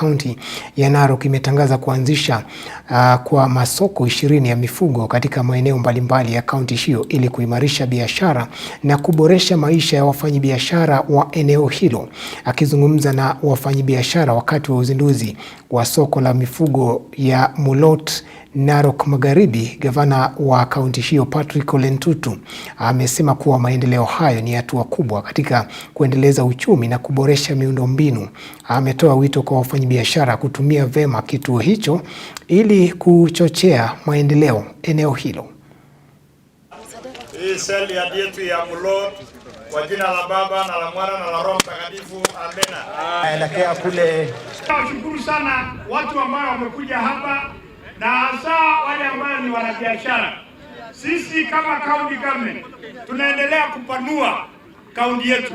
Kaunti ya Narok imetangaza kuanzisha uh, kwa masoko ishirini ya mifugo katika maeneo mbalimbali ya kaunti hiyo ili kuimarisha biashara na kuboresha maisha ya wafanyabiashara wa eneo hilo. Akizungumza na wafanyabiashara wakati wa uzinduzi wa soko la mifugo ya Mulot Narok Magharibi, gavana wa kaunti hiyo Patrick Ole Ntutu amesema kuwa maendeleo hayo ni hatua kubwa katika kuendeleza uchumi na kuboresha miundombinu. Ametoa wito kwa wafanyabiashara kutumia vema kituo hicho ili kuchochea maendeleo eneo hilo. Hii seli ya ya Mulot kwa jina la Baba na la Mwana na la Roho Mtakatifu, amena. Naelekea kule tunashukuru sana watu ambao wamekuja hapa na hasa wale ambao ni wanabiashara. Sisi kama kaunti government tunaendelea kupanua kaunti yetu,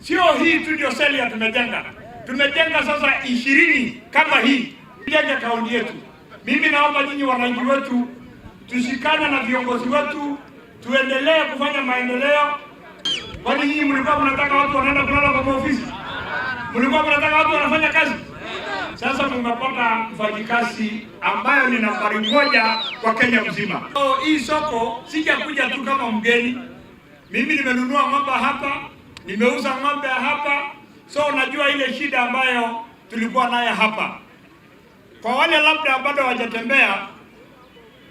sio hii ndio Celia tumejenga, tumejenga sasa ishirini kama hii kujenga kaunti yetu. Mimi naomba nyinyi wananchi wetu tushikane na viongozi wetu, tuendelee kufanya maendeleo. Kwani nyinyi mlikuwa mnataka watu wanaenda kulala kwa ofisi? Mlikuwa mnataka watu wanafanya kazi sasa mmepata mfanyikazi ambayo ni nambari moja kwa Kenya mzima. So, hii soko sijakuja tu kama mgeni. Mimi nimenunua ng'ombe hapa, nimeuza ng'ombe hapa, so najua ile shida ambayo tulikuwa naye hapa. Kwa wale labda bado hawajatembea,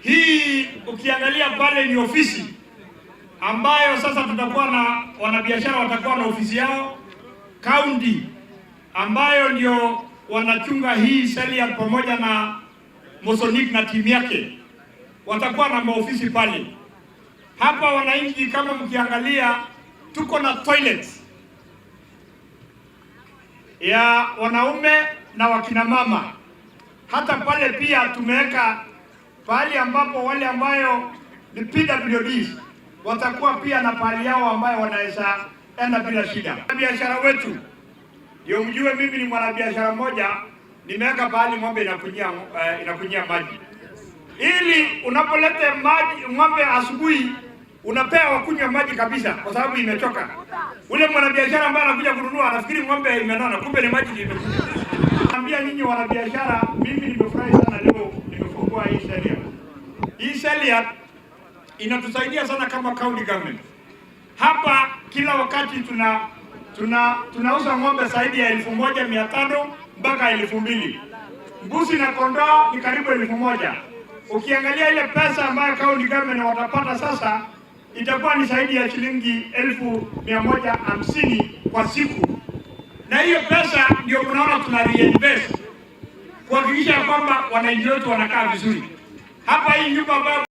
hii ukiangalia pale ni ofisi ambayo sasa tutakuwa na wanabiashara watakuwa na ofisi yao, kaunti ambayo ndio wanachunga hii sheli pamoja na Mosonic na timu yake, watakuwa na maofisi pale. Hapa wananchi, kama mkiangalia, tuko na toilet ya wanaume na wakina mama. Hata pale pia tumeweka pahali ambapo wale ambayo ni PWD watakuwa pia na pahali yao ambayo wanaweza enda bila shida. Biashara wetu Yo mjue mimi ni mwanabiashara mmoja, nimeweka pahali ng'ombe inakunyia uh, inakunyia maji, ili unapoleta maji ng'ombe asubuhi unapewa wakunywa maji kabisa, kwa sababu imechoka. Ule mwanabiashara ambaye anakuja kununua anafikiri ng'ombe imenona, kumbe ni maji ndio. Naambia nyinyi wanabiashara, mimi nimefurahi sana leo nimefungua hii sheria. Hii sheria inatusaidia sana kama county government. Hapa kila wakati tuna tuna tunauza ng'ombe zaidi ya elfu moja mia tano mpaka elfu mbili mbuzi na kondoo ni karibu elfu moja Ukiangalia ile pesa ambayo county government watapata sasa itakuwa ni zaidi ya shilingi elfu mia moja hamsini kwa siku, na hiyo pesa ndio tunaona tuna reinvest kuhakikisha kwamba wananchi wetu wanakaa vizuri hapa hii nyumba